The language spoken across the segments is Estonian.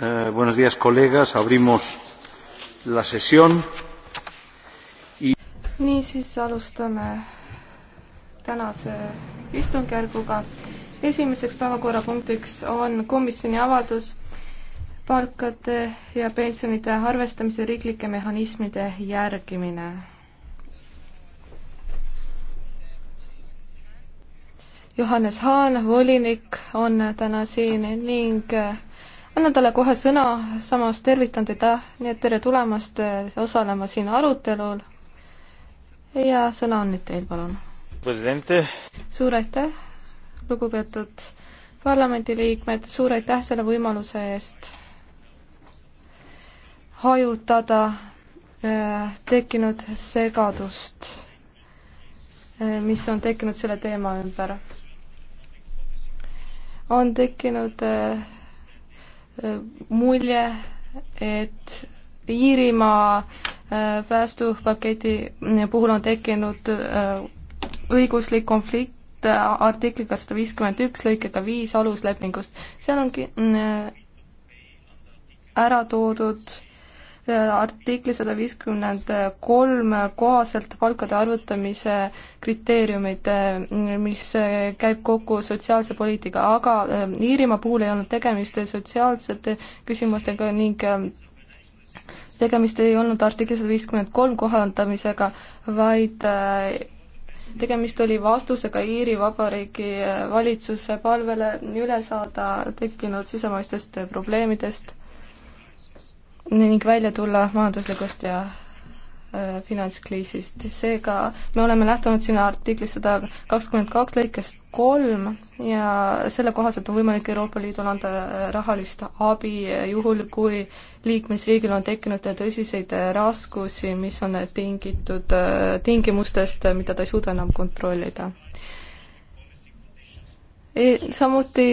Eh, buenos días, colegas. Abrimos la sesión. Y... niisiis alustame tänase istungjärguga. esimeseks päevakorrapunktiks on komisjoni avaldus palkade ja pensionide arvestamise riiklike mehhanismide järgimine. Johannes Haan, volinik, on täna siin ning annan talle kohe sõna, samas tervitan teda, nii et tere tulemast eh, osalema siin arutelul. ja sõna on nüüd teil, palun. suur aitäh, lugupeetud parlamendiliikmed, suur aitäh selle võimaluse eest hajutada eh, tekkinud segadust, eh, mis on tekkinud selle teema ümber. on tekkinud äh, Äh, mulje, et Iirimaa äh, päästupaketi äh, puhul on tekkinud õiguslik konflikt artikliga sada viiskümmend üks lõikega viis aluslepingust. seal on ära toodud artikli sada viiskümmend kolm kohaselt palkade arvutamise kriteeriumid, mis käib kokku sotsiaalse poliitika, aga ähm, Iirimaa puhul ei olnud tegemist sotsiaalsete küsimustega ning ähm, tegemist ei olnud artikli sada viiskümmend kolm kohandamisega, vaid äh, tegemist oli vastusega Iiri Vabariigi äh, valitsuse palvele üle saada tekkinud sisemaistest probleemidest ning välja tulla majanduslikust ja äh, finantskriisist, seega me oleme lähtunud siin artiklist sada kakskümmend kaks lõikest kolm ja selle kohaselt on võimalik Euroopa Liidul anda äh, rahalist abi äh, juhul, kui liikmesriigil on tekkinud tõsiseid raskusi, mis on tingitud tingimustest, mida ta ei suuda enam kontrollida e. samuti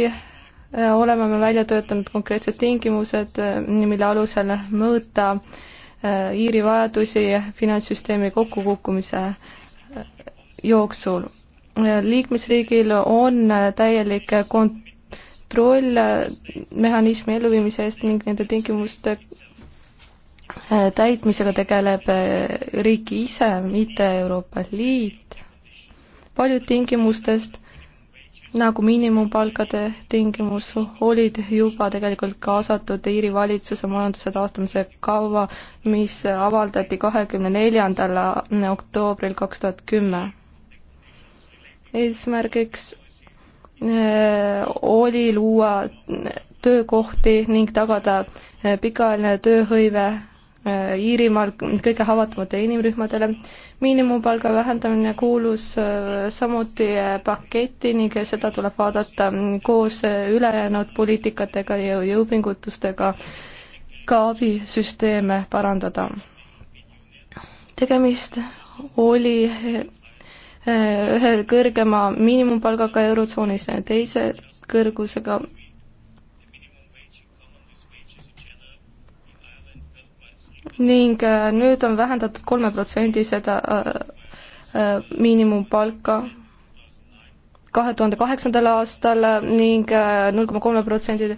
Äh, oleme me välja töötanud konkreetsed tingimused, äh, mille alusel mõõta äh, Iiri vajadusi finantssüsteemi kokkukukkumise jooksul. liikmesriigil on täielik kontroll mehhanismi elluviimise eest ning nende tingimuste täitmisega tegeleb riik ise, mitte Euroopa Liit. paljud tingimustest nagu miinimumpalkade tingimus, olid juba tegelikult kaasatud Iiri valitsuse majanduse taastamise kava, mis avaldati kahekümne neljandal oktoobril kaks tuhat kümme. eesmärgiks eh, oli luua töökohti ning tagada eh, pikaajaline tööhõive Äh, Iirimaal kõige haavatavate inimrühmadele. miinimumpalga vähendamine kuulus äh, samuti äh, paketti ning seda tuleb vaadata mm, koos ülejäänud poliitikatega ja jõupingutustega ka abisüsteeme parandada. tegemist oli ühe kõrgema miinimumpalgaga Eurotsoonis ja teise kõrgusega ning äh, nüüd on vähendatud kolme protsendi seda äh, äh, miinimumpalka kahe tuhande kaheksandal aastal ning null koma kolme protsendi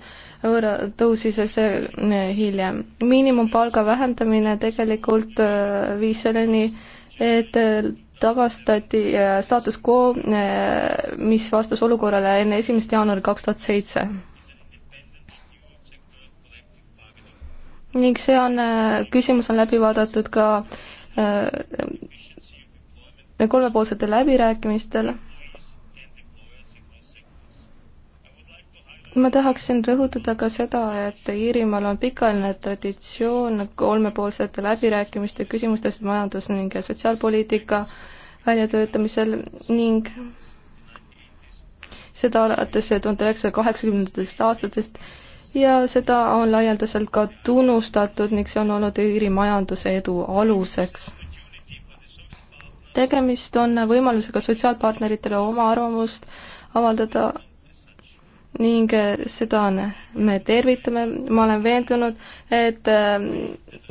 võrra tõusis see hiljem. miinimumpalga vähendamine tegelikult viis selleni, et tagastati staatus quo, mis vastas olukorrale enne esimest jaanuari kaks tuhat seitse ning see on, äh, küsimus on läbi vaadatud ka äh, kolmepoolsetel läbirääkimistel. ma tahaksin rõhutada ka seda, et Iirimaal on pikaajaline traditsioon kolmepoolsete läbirääkimiste küsimustes majandus- ning sotsiaalpoliitika väljatöötamisel ning seda alates tuhande üheksasaja kaheksakümnendatest aastatest ja seda on laialdaselt ka tunnustatud ning see on olnud Iiri majanduse edu aluseks. tegemist on võimalusega sotsiaalpartneritele oma arvamust avaldada ning äh, seda on, me tervitame, ma olen veendunud, et äh,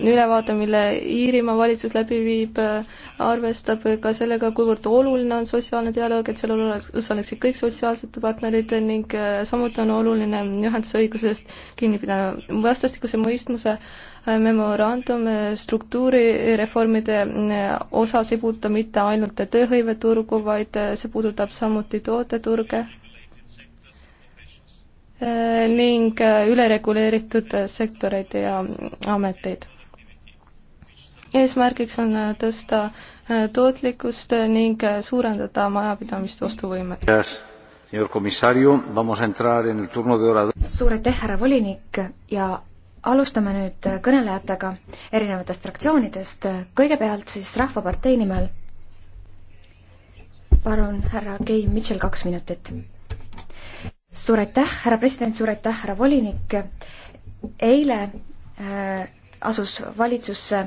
ülevaade, mille Iirimaa valitsus läbi viib, äh, arvestab ka sellega, kuivõrd oluline on sotsiaalne dialoog, et sellel oleks, osaleksid kõik sotsiaalsete partnerid ning samuti on oluline ühendusõigusest kinni pidada. vastastikuse mõistmise memorandum struktuurireformide osas ei puuduta mitte ainult tööhõiveturgu, vaid see puudutab samuti tooteturge Äh, ning äh, ülereguleeritud äh, sektoreid ja ameteid. eesmärgiks on tõsta tootlikkust ning suurendada majapidamist vastuvõimet. suur aitäh, härra volinik ja alustame nüüd kõnelejatega erinevatest fraktsioonidest, kõigepealt siis Rahvapartei nimel. palun, härra Kei Mitchell, kaks minutit suur aitäh, härra president, suur aitäh, härra volinik. eile äh, asus valitsusse,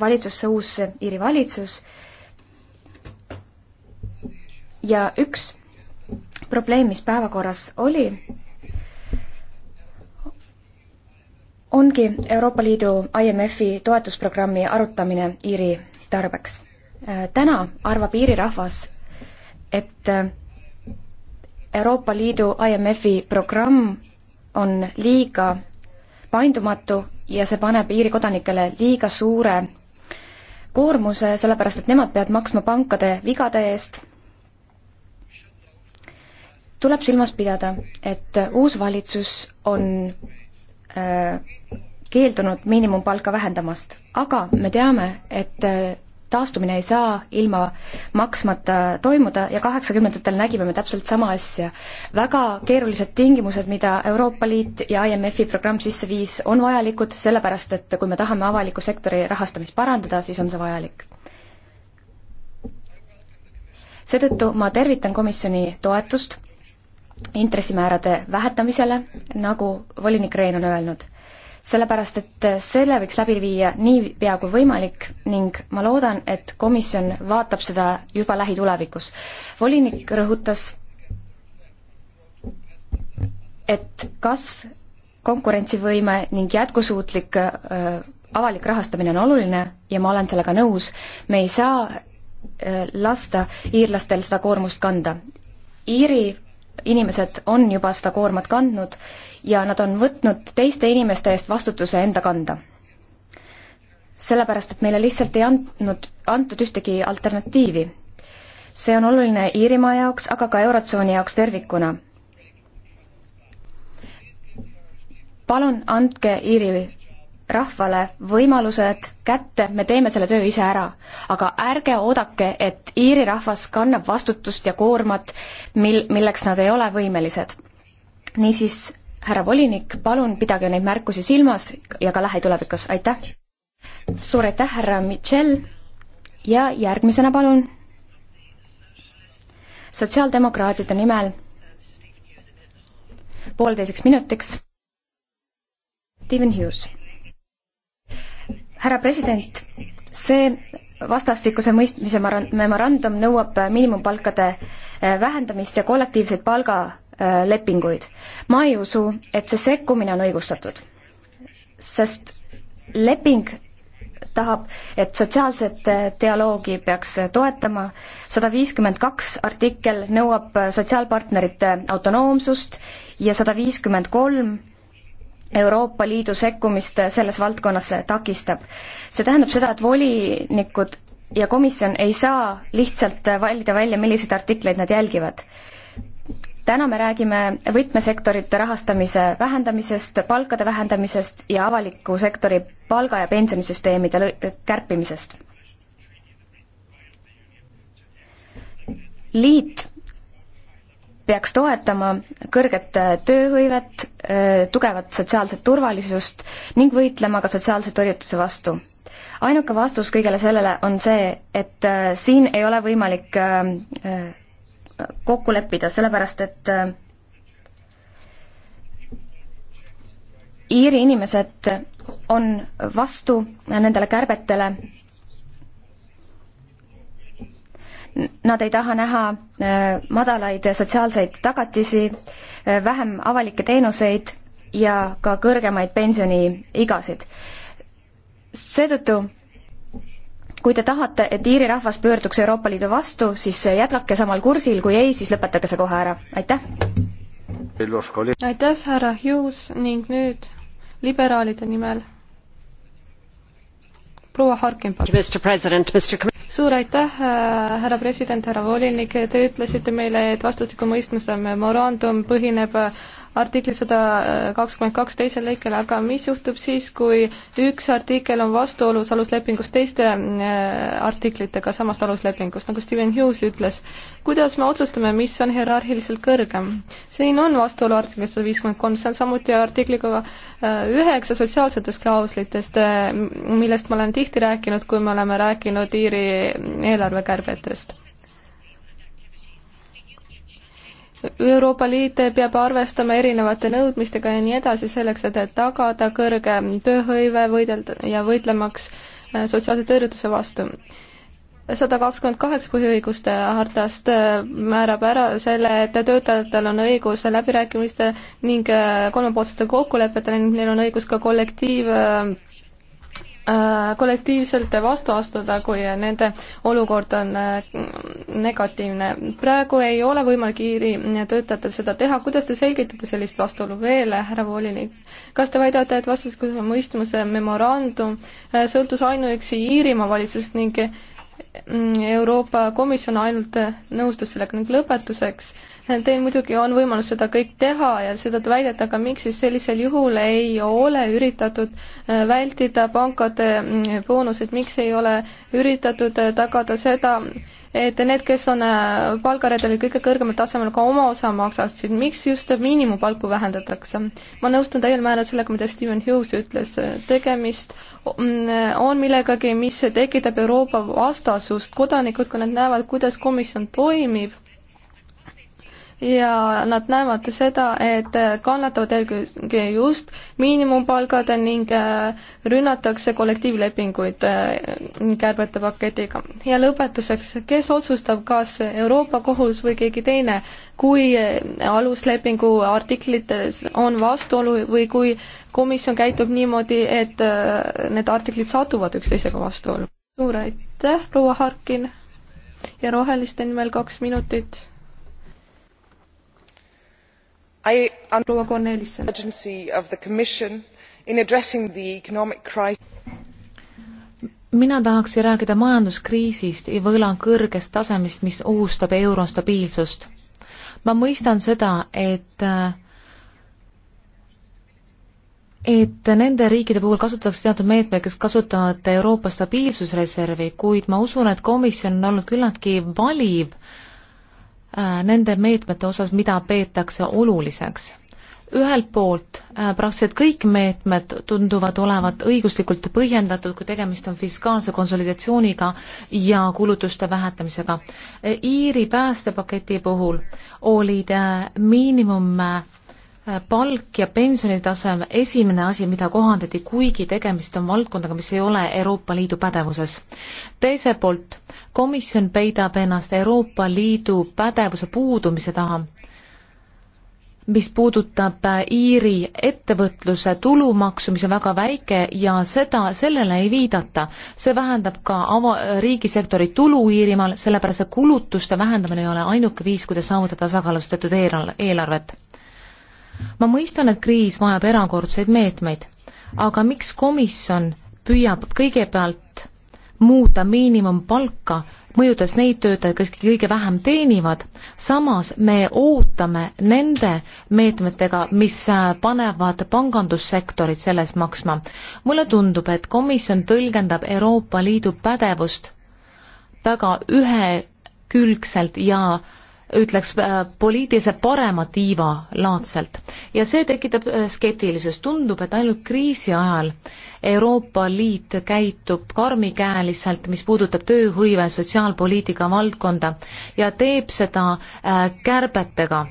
valitsusse uus Iiri valitsus ja üks probleem, mis päevakorras oli, ongi Euroopa Liidu IMF-i toetusprogrammi arutamine Iiri tarbeks. Äh, täna arvab Iiri rahvas, et äh, Euroopa Liidu IMF-i programm on liiga paindumatu ja see paneb Iiri kodanikele liiga suure koormuse, sellepärast et nemad peavad maksma pankade vigade eest. tuleb silmas pidada, et uus valitsus on äh, keeldunud miinimumpalka vähendamast, aga me teame, et äh, taastumine ei saa ilma maksmata toimuda ja kaheksakümnendatel nägime me täpselt sama asja. väga keerulised tingimused, mida Euroopa Liit ja IMF-i programm sisse viis, on vajalikud, sellepärast et kui me tahame avaliku sektori rahastamist parandada, siis on see vajalik. seetõttu ma tervitan komisjoni toetust intressimäärade vähetamisele, nagu volinik Rein on öelnud sellepärast et selle võiks läbi viia niipea kui võimalik ning ma loodan, et komisjon vaatab seda juba lähitulevikus. volinik rõhutas, et kasv, konkurentsivõime ning jätkusuutlik äh, avalik rahastamine on oluline ja ma olen sellega nõus, me ei saa äh, lasta iirlastel seda koormust kanda. Iiri inimesed on juba seda koormat kandnud ja nad on võtnud teiste inimeste eest vastutuse enda kanda. sellepärast, et meile lihtsalt ei andnud, antud ühtegi alternatiivi. see on oluline Iirimaa jaoks, aga ka Eurotsooni jaoks tervikuna. palun andke Iiri rahvale võimalused kätte, me teeme selle töö ise ära. aga ärge oodake, et Iiri rahvas kannab vastutust ja koormat, mil, milleks nad ei ole võimelised. niisiis, härra volinik, palun pidage neid märkusi silmas ja ka lähitulevikus, aitäh! suur aitäh, härra Michel ja järgmisena palun sotsiaaldemokraatide nimel poolteiseks minutiks Steven Hughes härra president, see vastastikuse mõistmise memorandum nõuab miinimumpalkade äh, vähendamist ja kollektiivseid palgalepinguid. ma ei usu, et see sekkumine on õigustatud, sest leping tahab, et sotsiaalset äh, dialoogi peaks toetama, sada viiskümmend kaks artikkel nõuab äh, sotsiaalpartnerite autonoomsust ja sada viiskümmend kolm Euroopa Liidu sekkumist selles valdkonnas takistab. see tähendab seda, et volinikud ja komisjon ei saa lihtsalt valida välja, milliseid artikleid nad jälgivad. täna me räägime võtmesektorite rahastamise vähendamisest, palkade vähendamisest ja avaliku sektori palga- ja pensionisüsteemide kärpimisest. liit peaks toetama kõrget äh, tööhõivet, äh, tugevat sotsiaalset turvalisust ning võitlema ka sotsiaalse tõrjutuse vastu. ainuke vastus kõigele sellele on see, et äh, siin ei ole võimalik kokku leppida, sellepärast et Iiri inimesed on vastu nendele kärbetele Nad ei taha näha äh, madalaid sotsiaalseid tagatisi, äh, vähem avalikke teenuseid ja ka kõrgemaid pensioniigasid. seetõttu kui te tahate, et Iiri rahvas pöörduks Euroopa Liidu vastu, siis äh, jätkake samal kursil, kui ei, siis lõpetage see kohe ära, aitäh! aitäh, härra Hughes ning nüüd liberaalide nimel proua Harkin, palun! suur aitäh, äh, härra president, härra volinik, te ütlesite meile, et vastastikku mõistmise memorandum põhineb artikli sada äh, kakskümmend kaks teisel lõikel, aga mis juhtub siis, kui üks artikkel on vastuolus aluslepingust teiste äh, artiklitega samast aluslepingust, nagu Steven Hughes ütles, kuidas me otsustame, mis on hierarhiliselt kõrgem? siin on vastuolu artiklis sada viiskümmend kolm, see on samuti artikliga äh, üheksa sotsiaalsetest klauslitest, millest ma olen tihti rääkinud, kui me oleme rääkinud Iiri eelarvekärbetest Euroopa Liit peab arvestama erinevate nõudmistega ja nii edasi, selleks et tagada kõrge tööhõive, võidelda ja võitlemaks äh, sotsiaalse tõrjutuse vastu. sada kakskümmend kaheksa põhiõiguste hartast äh, määrab ära selle, et töötajatel on õigus läbirääkimiste ning äh, kolmepoolsete kokkulepetele ning neil on õigus ka kollektiiv Äh, kollektiivselt vastu astuda, kui nende olukord on äh, negatiivne. praegu ei ole võimalik Iiri töötajatel seda teha, kuidas te selgitate sellist vastuolu veel, härra volinik? kas te väidate, et vastastikuse mõistmise memorandum äh, sõltus ainuüksi Iirimaa valitsusest ning mm, Euroopa Komisjon ainult nõustus sellega ning lõpetuseks äh, Teil muidugi on võimalus seda kõik teha ja seda väideta, aga miks siis sellisel juhul ei ole üritatud äh, vältida pankade mm, boonuseid, miks ei ole üritatud äh, tagada seda, et need, kes on äh, palgaredelil kõige kõrgemal tasemel, ka oma osa maksaksid, miks just miinimumpalku vähendatakse? ma nõustun täiel määral sellega, mida Steven Hughes ütles, tegemist mm, on millegagi, mis tekitab Euroopa vastasust, kodanikud, kui nad näevad, kuidas komisjon toimib, ja nad näevad seda, et kannatavad eelkõige just miinimumpalgad ning äh, rünnatakse kollektiivlepinguid äh, kärbete paketiga. ja lõpetuseks, kes otsustab, kas Euroopa Kohus või keegi teine, kui äh, aluslepingu artiklites on vastuolu või kui komisjon käitub niimoodi, et need artiklid satuvad üksteisega vastuollu? suur aitäh, proua Harkin ja Roheliste nimel kaks minutit i understand the urgency of the commission in addressing the economic crisis mina tahaksin rääkida majanduskriisist ja võla kõrgest tasemest, mis ohustab euro stabiilsust. ma mõistan seda, et et nende riikide puhul kasutatakse teatud meetmeid, kes kasutavad Euroopa stabiilsusreservi, kuid ma usun, et komisjon on olnud küllaltki valiv Äh, nende meetmete osas, mida peetakse oluliseks. ühelt poolt äh, praktiliselt kõik meetmed tunduvad olevat õiguslikult põhjendatud, kui tegemist on fiskaalse konsolidatsiooniga ja kulutuste vähetamisega. Äh, Iiri päästepaketi puhul olid miinimum palk ja pensionitase on esimene asi, mida kohandati, kuigi tegemist on valdkondaga, mis ei ole Euroopa Liidu pädevuses. teiselt poolt, komisjon peidab ennast Euroopa Liidu pädevuse puudumise taha, mis puudutab Iiri ettevõtluse tulumaksu, mis on väga väike ja seda, sellele ei viidata. see vähendab ka ava-, riigisektori tulu Iirimaal, sellepärast et kulutuste vähendamine ei ole ainuke viis, kuidas saavutada tasakaalustatud eelarvet ma mõistan, et kriis vajab erakordseid meetmeid, aga miks komisjon püüab kõigepealt muuta miinimumpalka, mõjutas neid töötajaid, kes kõige vähem teenivad, samas me ootame nende meetmetega, mis äh, panevad pangandussektorit selles maksma. mulle tundub, et komisjon tõlgendab Euroopa Liidu pädevust väga ühekülgselt ja ütleks äh, poliitilise parema tiiva laadselt ja see tekitab äh, skeptilisust, tundub, et ainult kriisi ajal Euroopa Liit käitub karmikäeliselt, mis puudutab tööhõive sotsiaalpoliitika valdkonda ja teeb seda äh, kärbetega.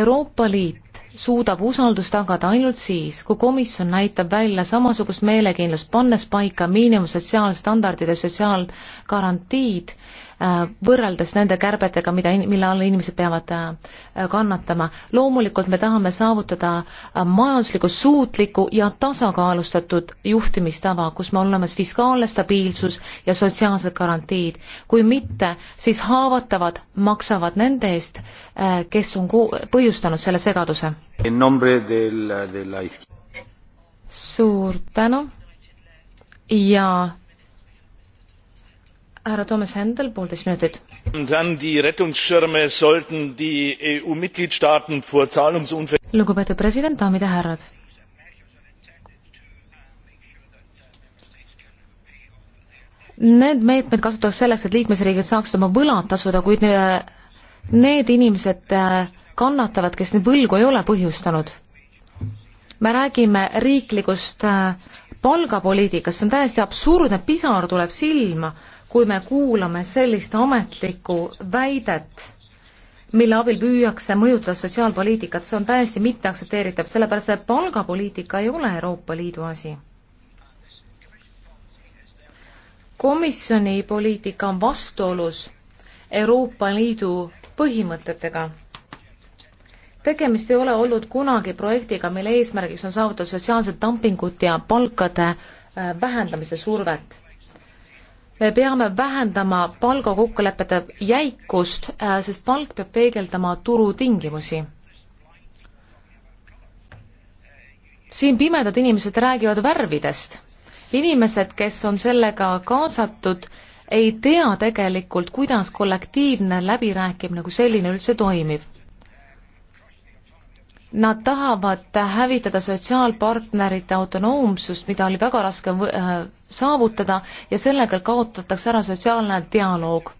Euroopa Liit suudab usaldust tagada ainult siis, kui komisjon näitab välja samasugust meelekindlust, pannes paika miinimumsotsiaalstandardid ja sotsiaalgarantiid äh, Äh, võrreldes nende kärbetega, mida, mille all inimesed peavad äh, kannatama. loomulikult me tahame saavutada äh, majandusliku suutliku ja tasakaalustatud juhtimistava, kus me oleme fiskaalne stabiilsus ja sotsiaalsed garantiid. kui mitte, siis haavatavad maksavad nende eest, kes on põhjustanud selle segaduse. suur tänu ja härra Toomas Händel, poolteist minutit. E lugupeetud president, daamid ja härrad. Need meetmed kasutatakse selleks, et liikmesriigid saaksid oma võlad tasuda, kuid äh, need inimesed äh, kannatavad, kes neid võlgu ei ole põhjustanud. me räägime riiklikust äh, palgapoliitikas, see on täiesti absurdne, pisar tuleb silma, kui me kuulame sellist ametlikku väidet, mille abil püüakse mõjutada sotsiaalpoliitikat, see on täiesti mitteaktsepteeritav, sellepärast et palgapoliitika ei ole Euroopa Liidu asi. komisjoni poliitika on vastuolus Euroopa Liidu põhimõtetega tegemist ei ole olnud kunagi projektiga, mille eesmärgiks on saavutada sotsiaalset dumpingut ja palkade äh, vähendamise survet. me peame vähendama palgakokkulepete jäikust, äh, sest palk peab peegeldama turutingimusi. siin pimedad inimesed räägivad värvidest. inimesed, kes on sellega kaasatud, ei tea tegelikult, kuidas kollektiivne läbirääkimine kui selline üldse toimib Nad tahavad hävitada sotsiaalpartnerite autonoomsust, mida oli väga raske äh, saavutada ja sellega kaotatakse ära sotsiaalne dialoog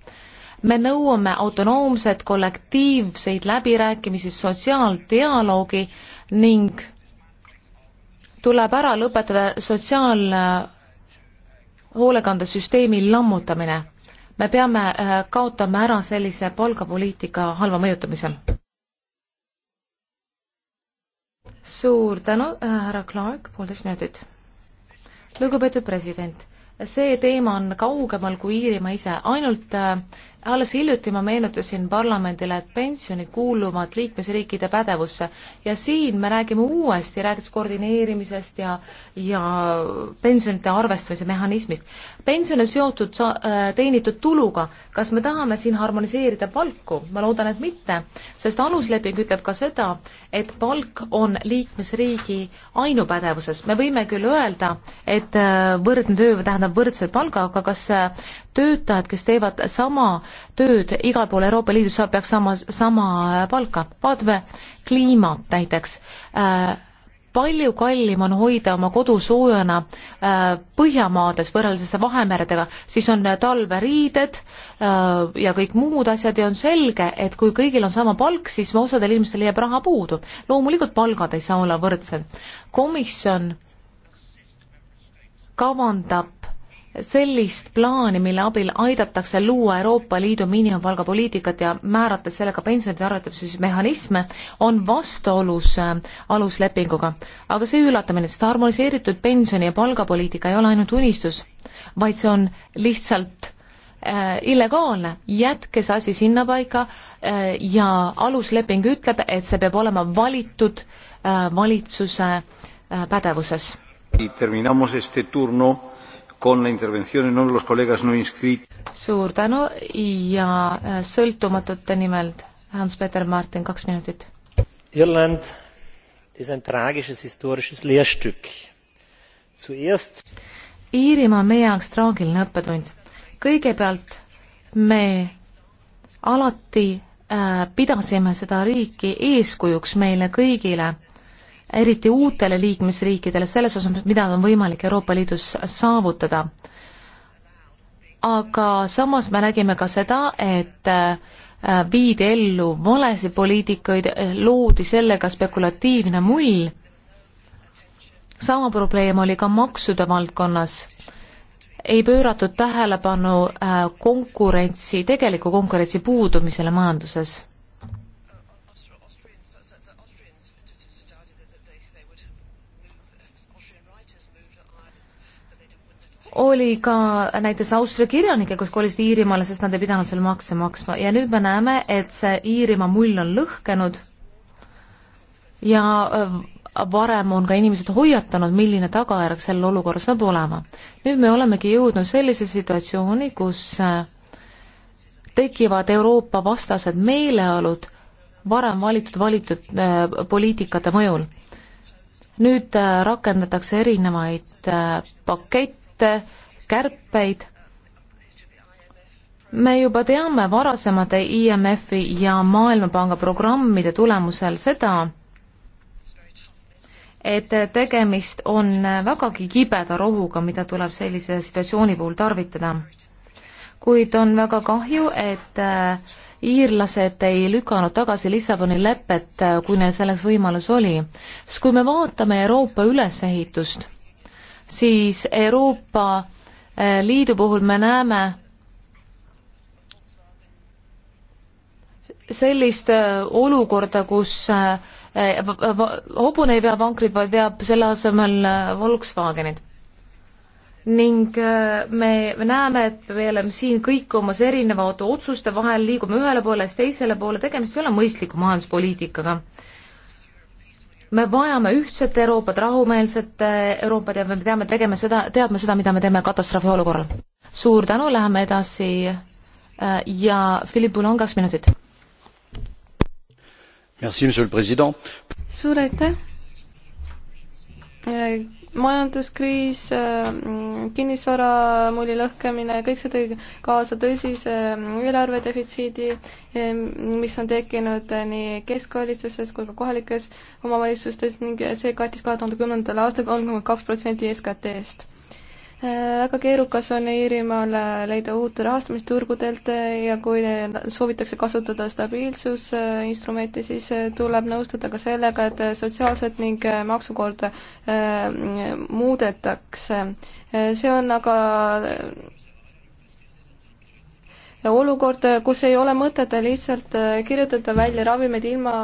me nõuame autonoomset kollektiivseid läbirääkimisi, sotsiaaldialoogi ning tuleb ära lõpetada sotsiaalhoolekandesüsteemi äh, lammutamine. me peame äh, kaotama ära sellise palgapoliitika halva mõjutamisel suur tänu, äh, härra Clark, poolteist minutit. lugupeetud president, see teema on kaugemal kui Iirimaa ise, ainult äh, alles hiljuti ma meenutasin parlamendile, et pensionid kuuluvad liikmesriikide pädevusse ja siin me räägime uuesti, räägiks koordineerimisest ja, ja pensionite arvestamise mehhanismist. pension on seotud sa-, äh, teenitud tuluga, kas me tahame siin harmoniseerida palku, ma loodan, et mitte, sest alusleping ütleb ka seda, et palk on liikmesriigi ainupädevuses, me võime küll öelda, et äh, võrdne töö tähendab võrdset palga, aga kas äh, töötajad, kes teevad sama tööd igal pool Euroopa Liidus saab, peaks saama sama palka. vaatame kliimat näiteks äh, palju kallim on hoida oma kodu soojana äh, Põhjamaades võrreldes Vahemeredega, siis on talveriided äh, ja kõik muud asjad ja on selge, et kui kõigil on sama palk, siis osadel inimestel jääb raha puudu. loomulikult palgad ei saa olla võrdsed. komisjon kavandab sellist plaani, mille abil aidatakse luua Euroopa Liidu miinimumpalgapoliitikat ja määrata sellega pensionide arvatamismehhanisme, on vastuolus äh, aluslepinguga. aga see ei üllata mind, sest harmoniseeritud pensioni- ja palgapoliitika ei ole ainult unistus, vaid see on lihtsalt äh, illegaalne, jätke see asi sinnapaika äh, ja alusleping ütleb, et see peab olema valitud äh, valitsuse äh, pädevuses. terminamos este turno suur tänu ja äh, sõltumatute nimel Hans-Peter Martin, kaks minutit. Irland ist ein tragisches historisches Lehrstück. Zuerst Iirimaa on meie jaoks traagiline õppetund. kõigepealt me alati äh, pidasime seda riiki eeskujuks meile kõigile eriti uutele liikmesriikidele selles osas, mida on võimalik Euroopa Liidus saavutada. aga samas me nägime ka seda, et äh, viidi ellu valesid poliitikaid, loodi sellega spekulatiivne mull, sama probleem oli ka maksude valdkonnas ei pööratud tähelepanu äh, konkurentsi, tegeliku konkurentsi puudumisele majanduses. oli ka näiteks Austria kirjanikke, kes kolisid Iirimaale, sest nad ei pidanud seal makse maksma ja nüüd me näeme, et see Iirimaa mull on lõhkenud ja äh, varem on ka inimesed hoiatanud, milline tagajärg sellel olukorras saab olema. nüüd me olemegi jõudnud sellise situatsiooni, kus äh, tekivad Euroopa vastased meeleolud varem valitud, valitud äh, poliitikate mõjul. nüüd äh, rakendatakse erinevaid äh, pakette, mitte kärpeid. me juba teame varasemate IMF-i ja Maailmapanga programmide tulemusel seda, et tegemist on vägagi kibeda rohuga, mida tuleb sellise situatsiooni puhul tarvitada. kuid on väga kahju, et äh, iirlased ei lükanud tagasi Lissaboni lepet, äh, kui neil selleks võimalus oli. sest kui me vaatame Euroopa ülesehitust, siis Euroopa eh, Liidu puhul me näeme sellist eh, olukorda, kus eh, hobune ei vea vankrit, vaid veab selle asemel Volkswagenit. ning me, me näeme, et me oleme siin kõik omas erinevate otsuste vahel, liigume ühele poole, siis teisele poole, tegemist ei ole mõistliku majanduspoliitikaga me vajame ühtset Euroopat, rahumeelset eh, Euroopat ja me peame tegema seda, teadma seda, mida me teeme katastroofi olukorral. suur tänu, läheme edasi eh, ja Philippul on kaks minutit. suur aitäh eh, majanduskriis, äh, kinnisvaramulli lõhkemine, kõik see tõi kaasa tõsise äh, eelarvedefitsiidi, äh, mis on tekkinud nii keskvalitsuses kui ka kohalikes omavalitsustes ning see kattis kahe tuhande kümnendal aastal kolmkümmend kaks protsenti SKT-st väga keerukas on Iirimaal leida uut rahastamist turgudelt ja kui soovitakse kasutada stabiilsusinstrumenti, siis tuleb nõustuda ka sellega, et sotsiaalset ning maksukorda äh, muudetakse. see on aga olukord, kus ei ole mõtet lihtsalt kirjutada välja ravimeid ilma,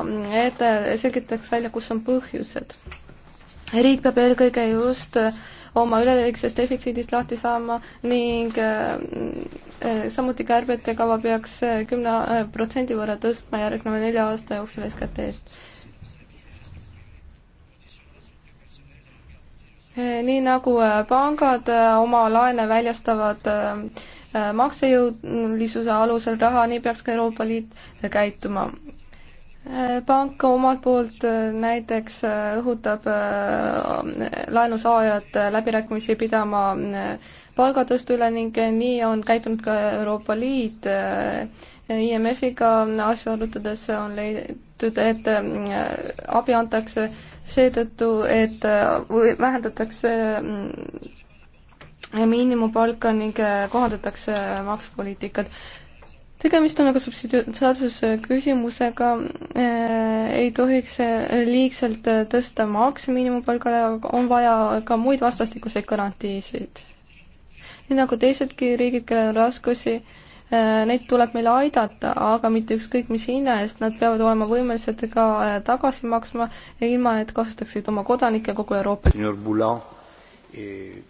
et selgitaks välja, kus on põhjused. riik peab eelkõige just äh, oma üleliigsest defitsiidist lahti saama ning äh, äh, samuti kärbete kava peaks äh, kümne protsendi võrra tõstma järgneva nelja aasta jooksul SKT-st. nii nagu pangad oma laene väljastavad maksejõulisuse alusel raha, nii peaks ka Euroopa Liit käituma pank omalt poolt äh, näiteks äh, õhutab äh, laenusaajad läbirääkimisi pidama palgatõstu üle ning nii on käitunud ka Euroopa Liit. IMF-iga asju arutades on leitud, et abi antakse seetõttu, et vähendatakse mm, miinimumpalka ning kohandatakse maksupoliitikat tegemist on aga subsidiaarsuse küsimusega, äh, ei tohiks liigselt tõsta makse miinimumpalgale, aga on vaja ka muid vastastikuseid garantiisid. nii nagu teisedki riigid, kellel on raskusi, äh, neid tuleb meil aidata, aga mitte ükskõik mis hinna eest, nad peavad olema võimelised ka äh, tagasi maksma, ilma et kasutaksid oma kodanikke kogu Euroopas. Eh,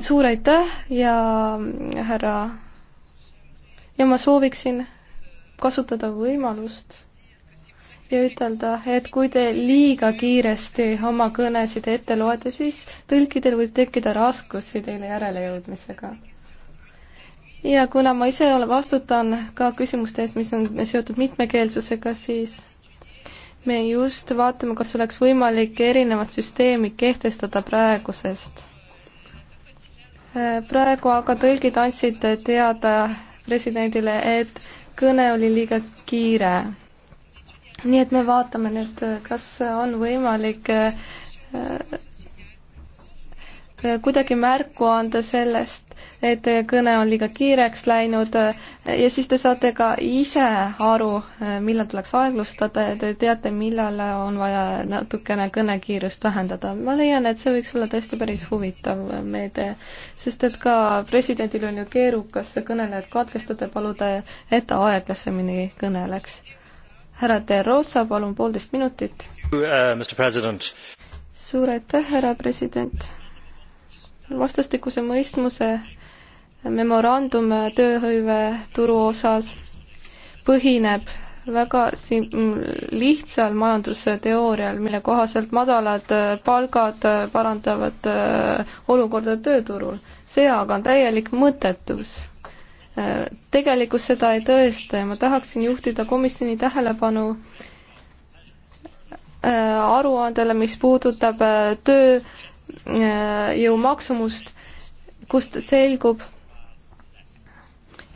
suur aitäh ja mm, härra ja ma sooviksin kasutada võimalust ja ütelda, et kui te liiga kiiresti oma kõnesid ette loete, siis tõlkidel võib tekkida raskusi teile järelejõudmisega. ja kuna ma ise olen, vastutan ka küsimuste eest, mis on seotud mitmekeelsusega, siis me just vaatame, kas oleks võimalik erinevat süsteemi kehtestada praegusest. praegu aga tõlgid andsid teada presidendile, et kõne oli liiga kiire. nii et me vaatame nüüd, kas on võimalik äh, kuidagi märku anda sellest, et teie kõne on liiga kiireks läinud eh, ja siis te saate ka ise aru, eh, millal tuleks aeglustada ja te teate, millal on vaja natukene kõnekiirust vähendada. ma leian, et see võiks olla tõesti päris huvitav meede, sest et ka presidendil on ju keerukas kõnelejad katkestada ja paluda, et ta aeglasemini kõneleks. härra De Rosa, palun poolteist minutit. Uh, suur aitäh, härra president vastastikuse mõistmuse memorandum tööhõive turu osas põhineb väga sim-, lihtsal majandusteoorial, mille kohaselt madalad palgad parandavad äh, olukorda tööturul. see aga on täielik mõttetus. Äh, tegelikkus seda ei tõesta ja ma tahaksin juhtida komisjoni tähelepanu äh, aruandele, mis puudutab töö jõu maksumust, kust selgub,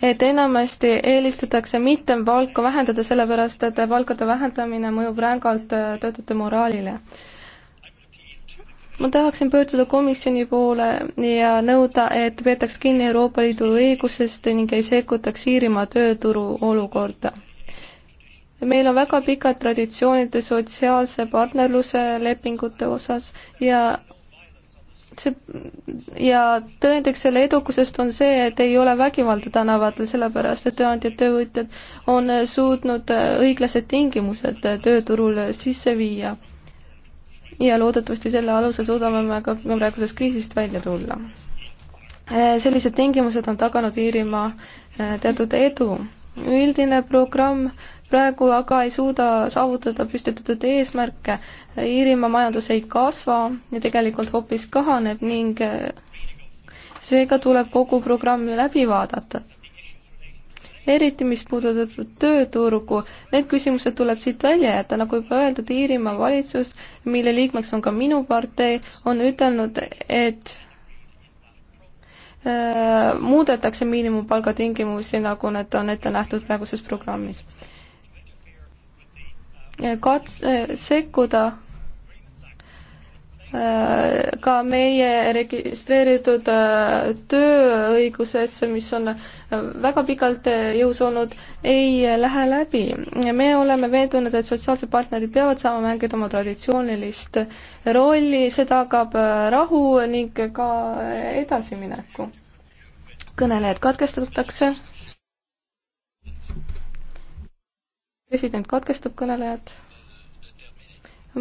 et enamasti eelistatakse mitte palka vähendada, sellepärast et palkade vähendamine mõjub rängalt äh, töötajate moraalile. ma tahaksin pöörduda komisjoni poole ja nõuda, et peetaks kinni Euroopa Liidu õigusest ning ei sekkutaks Iirimaa tööturu olukorda meil on väga pikad traditsioonid sotsiaalse partnerluse lepingute osas ja see ja tõendiks selle edukusest on see, et ei ole vägivalda tänavatel, sellepärast et tööandjad, töövõtjad on suutnud äh, õiglased tingimused äh, tööturul äh, sisse viia. ja loodetavasti selle alusel suudame me ka praegusest kriisist välja tulla. sellised tingimused on taganud Iirimaa teatud edu. üldine programm praegu aga ei suuda saavutada püstitatud eesmärke, Iirimaa majandus ei kasva ja tegelikult hoopis kahaneb ning eh, seega tuleb kogu programmi läbi vaadata. eriti, mis puudutab tööturgu, need küsimused tuleb siit välja jätta, nagu juba öeldud, Iirimaa valitsus, mille liikmeks on ka minu partei, on ütelnud, et äh, muudetakse miinimumpalga tingimusi, nagu need on ette nähtud praeguses programmis. kats- äh,, sekkuda ka meie registreeritud äh, tööõigusesse, mis on äh, väga pikalt äh, jõus olnud, ei lähe läbi. me oleme veendunud, et sotsiaalsed partnerid peavad saama mängida oma traditsioonilist rolli, see tagab rahu ning ka edasimineku. kõnelejad katkestatakse. president katkestab kõnelejad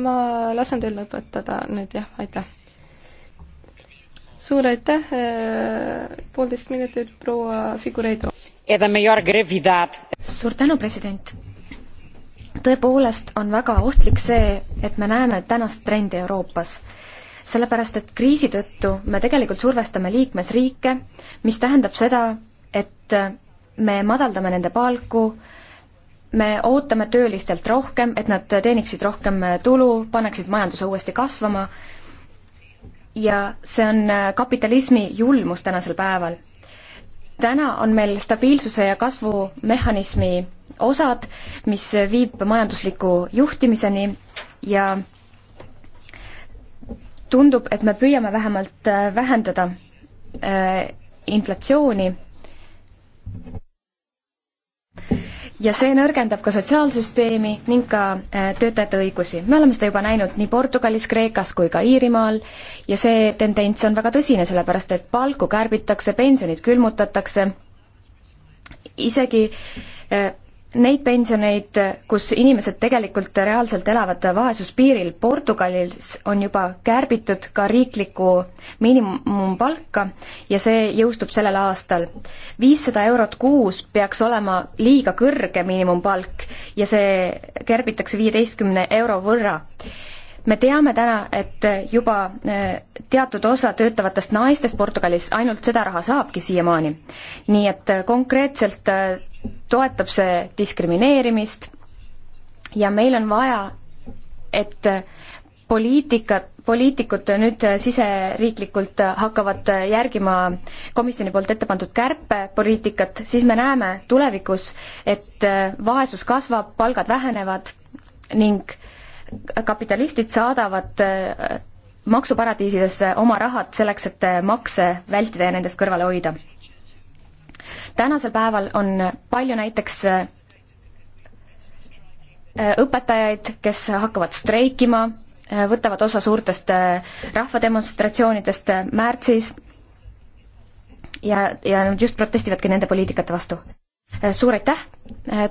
ma lasen teil lõpetada nüüd jah, aitäh. suur aitäh, äh, poolteist minutit, proua Figureido. suur tänu, president. tõepoolest on väga ohtlik see, et me näeme tänast trendi Euroopas sellepärast, et kriisi tõttu me tegelikult survestame liikmesriike, mis tähendab seda, et me madaldame nende palku äh,, me ootame töölistelt rohkem, et nad teeniksid rohkem tulu, paneksid majanduse uuesti kasvama ja see on äh, kapitalismi julmus tänasel päeval. täna on meil stabiilsuse ja kasvu mehhanismi osad, mis viib majandusliku juhtimiseni ja tundub, et me püüame vähemalt äh, vähendada äh, inflatsiooni ja see nõrgendab ka sotsiaalsüsteemi ning ka äh, töötajate õigusi. me oleme seda juba näinud nii Portugalis, Kreekas kui ka Iirimaal ja see tendents on väga tõsine, sellepärast et palku kärbitakse, pensionid külmutatakse, isegi äh, neid pensioneid, kus inimesed tegelikult reaalselt elavad vaesuspiiril, Portugalis on juba kärbitud ka riiklikku miinimumpalka ja see jõustub sellel aastal. viissada eurot kuus peaks olema liiga kõrge miinimumpalk ja see kärbitakse viieteistkümne euro võrra me teame täna, et juba eh, teatud osa töötavatest naistest Portugalis ainult seda raha saabki siiamaani. nii et konkreetselt eh, toetab see diskrimineerimist ja meil on vaja, et poliitikat, poliitikud nüüd siseriiklikult hakkavad järgima komisjoni poolt ette pandud kärpepoliitikat, siis me näeme tulevikus, et vaesus kasvab, palgad vähenevad ning kapitalistid saadavad maksuparadiisidesse oma rahad selleks, et makse vältida ja nendest kõrvale hoida tänasel päeval on palju näiteks äh, õpetajaid, kes hakkavad streikima, äh, võtavad osa suurtest äh, rahvademonstratsioonidest märtsis ja, ja nad just protestivadki nende poliitikate vastu. suur aitäh,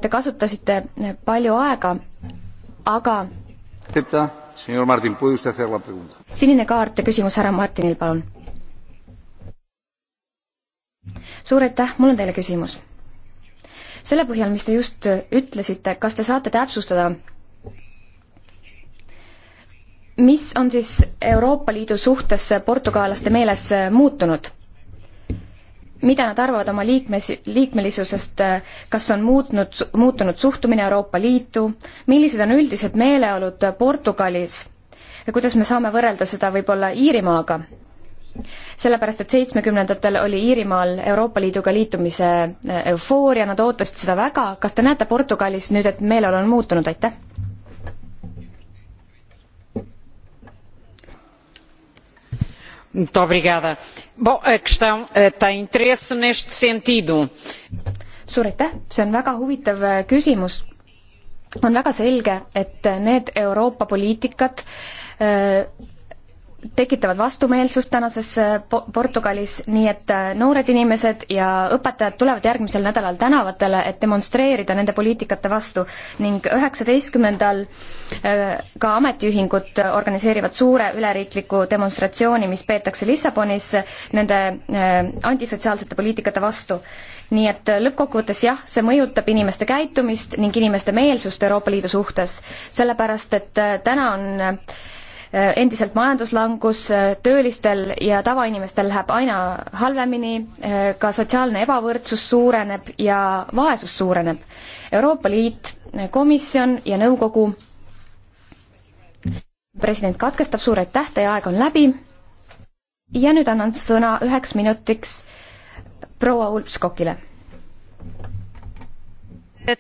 te kasutasite palju aega, aga sinine kaart ja küsimus härra Martinil, palun suur aitäh, mul on teile küsimus. selle põhjal, mis te just ütlesite, kas te saate täpsustada, mis on siis Euroopa Liidu suhtes portugallaste meeles muutunud? mida nad arvavad oma liikmes, liikmelisusest, kas on muutnud, muutunud suhtumine Euroopa Liitu, millised on üldised meeleolud Portugalis ja kuidas me saame võrrelda seda võib-olla Iirimaaga, sellepärast, et seitsmekümnendatel oli Iirimaal Euroopa Liiduga liitumise äh, eufooria, nad ootasid seda väga, kas te näete Portugalis nüüd, et meeleolu on muutunud, aitäh? Muito obrigada. Bom, a questão eh, tem interesse neste sentido. suur aitäh, see on väga huvitav eh, küsimus. on väga selge, et need Euroopa poliitikad eh, tekitavad vastumeelsust tänases äh, Portugalis, nii et äh, noored inimesed ja õpetajad tulevad järgmisel nädalal tänavatele, et demonstreerida nende poliitikate vastu ning üheksateistkümnendal äh, ka ametiühingud organiseerivad suure üleriikliku demonstratsiooni, mis peetakse Lissabonis nende antisotsiaalsete poliitikate vastu. nii et lõppkokkuvõttes jah, see mõjutab inimeste käitumist ning inimeste meelsust Euroopa Liidu suhtes, sellepärast et täna on Äh, endiselt majanduslangus, äh, töölistel ja tavainimestel läheb aina halvemini, äh, ka sotsiaalne ebavõrdsus suureneb ja vaesus suureneb. Euroopa Liit, komisjon ja nõukogu president katkestab, suur aitäh, teie aeg on läbi. ja nüüd annan sõna üheks minutiks proua Ulfskokile. Eh,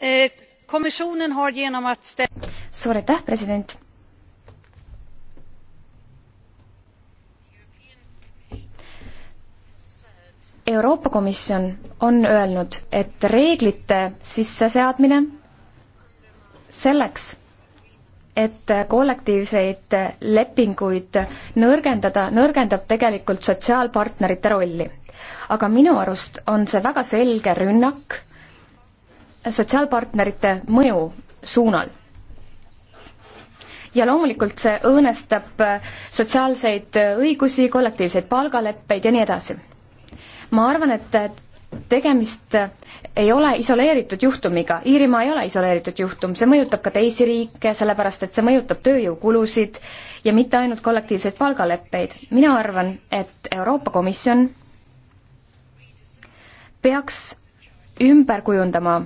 eh, suur aitäh, president Euroopa Komisjon on öelnud, et reeglite sisseseadmine selleks, et kollektiivseid lepinguid nõrgendada, nõrgendab tegelikult sotsiaalpartnerite rolli. aga minu arust on see väga selge rünnak sotsiaalpartnerite mõju suunal. ja loomulikult see õõnestab sotsiaalseid õigusi, kollektiivseid palgaleppeid ja nii edasi ma arvan, et tegemist ei ole isoleeritud juhtumiga, Iirimaa ei ole isoleeritud juhtum, see mõjutab ka teisi riike, sellepärast et see mõjutab tööjõukulusid ja mitte ainult kollektiivseid palgaleppeid. mina arvan, et Euroopa Komisjon peaks ümber kujundama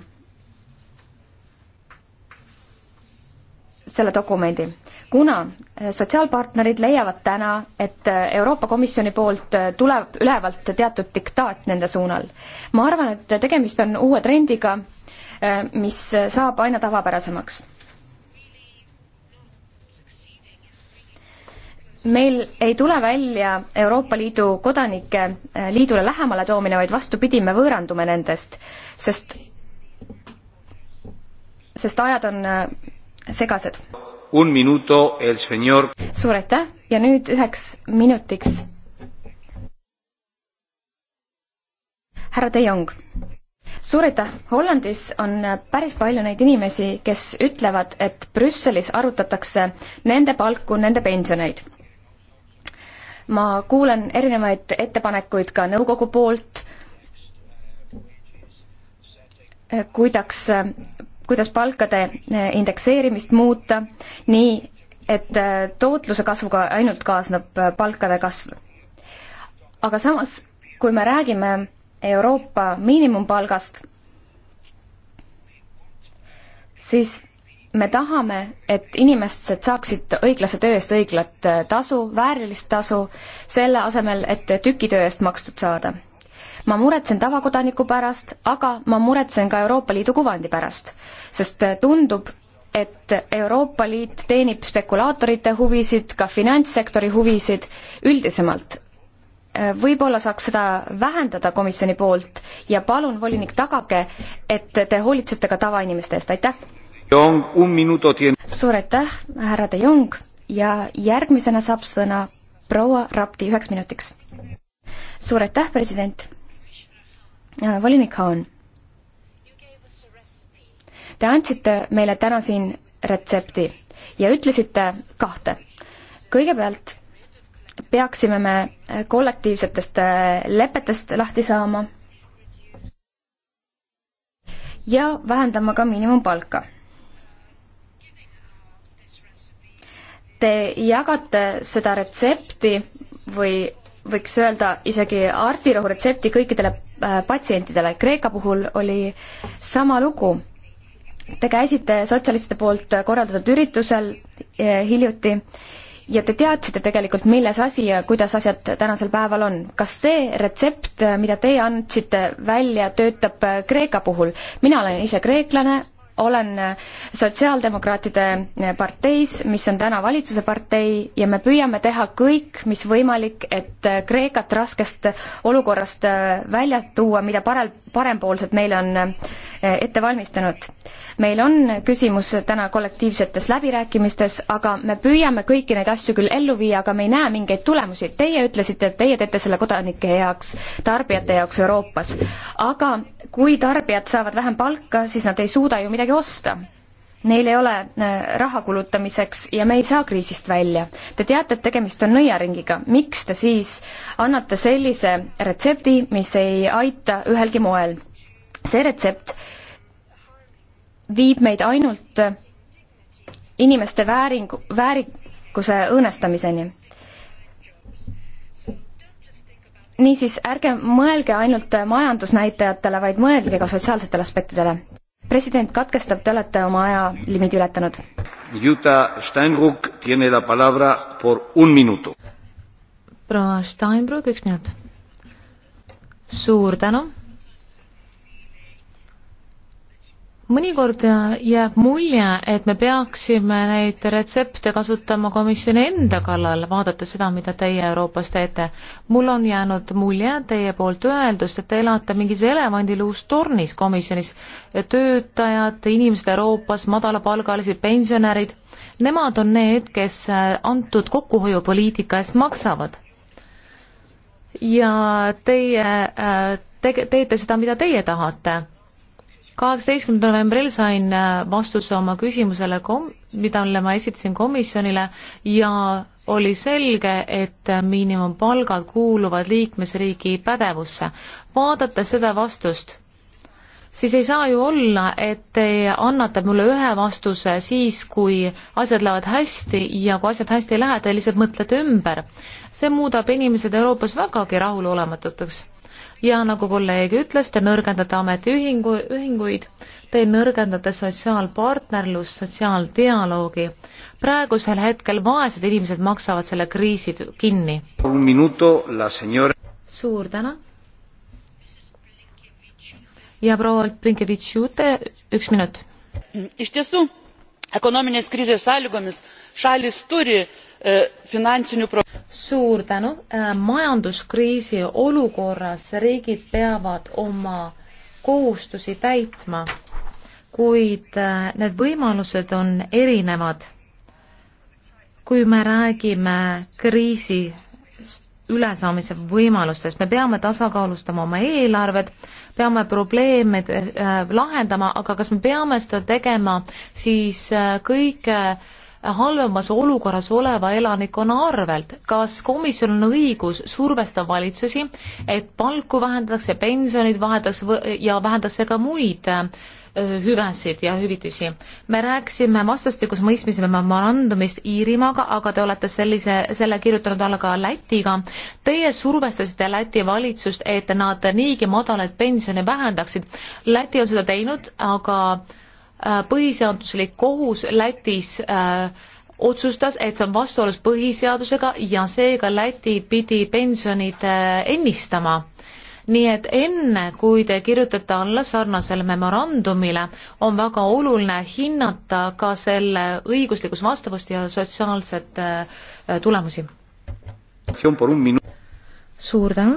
selle dokumendi kuna eh, sotsiaalpartnerid leiavad täna, et eh, Euroopa Komisjoni poolt eh, tuleb ülevalt teatud diktaat nende suunal. ma arvan, et tegemist on uue trendiga, mis saab aina tavapärasemaks. meil ei tule välja Euroopa Liidu kodanike liidule lähemale toomine, vaid vastupidi, me võõrandume nendest, sest sest ajad on segased suur aitäh ja nüüd üheks minutiks. härra De Jong suur aitäh! Hollandis on päris palju neid inimesi, kes ütlevad, et Brüsselis arutatakse nende palku, nende pensioneid. ma kuulen erinevaid ettepanekuid ka nõukogu poolt, kuidas kuidas palkade eh, indekseerimist muuta nii, et eh, tootluse kasvuga ainult kaasneb eh, palkade kasv. aga samas, kui me räägime Euroopa miinimumpalgast, siis me tahame, et inimesed saaksid õiglase töö eest õiglat tasu, väärilist tasu, selle asemel, et tükitöö eest makstud saada ma muretsen tavakodaniku pärast, aga ma muretsen ka Euroopa Liidu kuvandi pärast. sest tundub, et Euroopa Liit teenib spekulaatorite huvisid, ka finantssektori huvisid üldisemalt. võib-olla saaks seda vähendada komisjoni poolt ja palun, volinik, tagage, et te hoolitsete ka tavainimeste eest, aitäh! suur aitäh, härra De Jong ja järgmisena saab sõna proua Rapti üheks minutiks. suur aitäh, president! Äh, volinik Haan. Te andsite meile täna siin retsepti ja ütlesite kahte. kõigepealt peaksime me äh, kollektiivsetest äh, lepetest lahti saama ja vähendama ka miinimumpalka. Te jagate seda retsepti või võiks öelda isegi arstirohu retsepti kõikidele äh, patsientidele. Kreeka puhul oli sama lugu. Te käisite sotsialistide poolt korraldatud üritusel äh, hiljuti ja te teadsite tegelikult, milles asi ja kuidas asjad tänasel päeval on. kas see retsept, äh, mida teie andsite välja, töötab Kreeka puhul? mina olen ise kreeklane, olen Sotsiaaldemokraatide parteis, mis on täna valitsuse partei ja me püüame teha kõik, mis võimalik, et Kreekat raskest olukorrast välja tuua, mida parel, parempoolsed meile on ette valmistanud. meil on küsimus täna kollektiivsetes läbirääkimistes, aga me püüame kõiki neid asju küll ellu viia, aga me ei näe mingeid tulemusi. Teie ütlesite, et teie teete selle kodanike heaks, tarbijate jaoks Euroopas, aga kui tarbijad saavad vähem palka, siis nad ei suuda ju midagi osta. Neil ei ole äh, raha kulutamiseks ja me ei saa kriisist välja. Te teate, et tegemist on nõiaringiga, miks te siis annate sellise retsepti, mis ei aita ühelgi moel? see retsept viib meid ainult äh, inimeste vääringu, väärikuse õõnestamiseni niisiis, ärge mõelge ainult majandusnäitajatele, vaid mõelge ka sotsiaalsetele aspektidele. president katkestab, te olete oma aja limiidi ületanud. Juta Steinruck tiene la palabra por un minuto. proua Steinruck, üks minut. suur tänu mõnikord jääb mulje, et me peaksime neid retsepte kasutama komisjoni enda kallal, vaadates seda, mida teie Euroopas teete. mul on jäänud mulje teie poolt öeldust, et te elate mingis elevandiluust tornis komisjonis. töötajad, inimesed Euroopas, madalapalgalised pensionärid, nemad on need, kes antud kokkuhoiupoliitika eest maksavad. ja teie äh, tege-, teete seda, mida teie tahate kaheksateistkümnendal novembril sain äh, vastuse oma küsimusele, mida ma esitasin komisjonile ja oli selge, et äh, miinimumpalgad kuuluvad liikmesriigi pädevusse. vaadates seda vastust, siis ei saa ju olla, et te annate mulle ühe vastuse siis, kui asjad lähevad hästi ja kui asjad hästi ei lähe, te lihtsalt mõtlete ümber. see muudab inimesed Euroopas vägagi rahulolematuteks ja nagu kolleeg ütles, te nõrgendate ametiühingu, ühinguid, te nõrgendate sotsiaalpartnerlust, sotsiaaldialoogi. praegusel hetkel vaesed inimesed maksavad selle kriisi kinni. Señora... suur tänu. ja proua Plinkevitš, üks minut. iš tiesų ekonominės krizės sąlygomis šalis turi Äh, finantsinu- suur tänu, äh, majanduskriisi olukorras riigid peavad oma kohustusi täitma, kuid äh, need võimalused on erinevad. kui me räägime kriisi ülesaamise võimalustest, me peame tasakaalustama oma eelarved, peame probleeme lahendama, aga kas me peame seda tegema siis kõige äh, halvemas olukorras oleva elanikkonna arvelt. kas komisjon on õigus survestada valitsusi, et palku vähendatakse, pensionid vahetakse ja vähendatakse ka muid äh, hüvesid ja hüvitisi. me rääkisime vastastikuse mõistmise memorandumist Iirimaaga, aga te olete sellise, selle kirjutanud alla ka Lätiga. Teie survestasite Läti valitsust, et nad niigi madalaid pensione vähendaksid. Läti on seda teinud, aga äh, Äh, põhiseaduslik kohus Lätis äh, otsustas, et see on vastuolus põhiseadusega ja seega Läti pidi pensionid äh, ennistama nii et enne, kui te kirjutate alla sarnasele memorandumile, on väga oluline hinnata ka selle õiguslikust vastavust ja sotsiaalset tulemusi. suur tänu.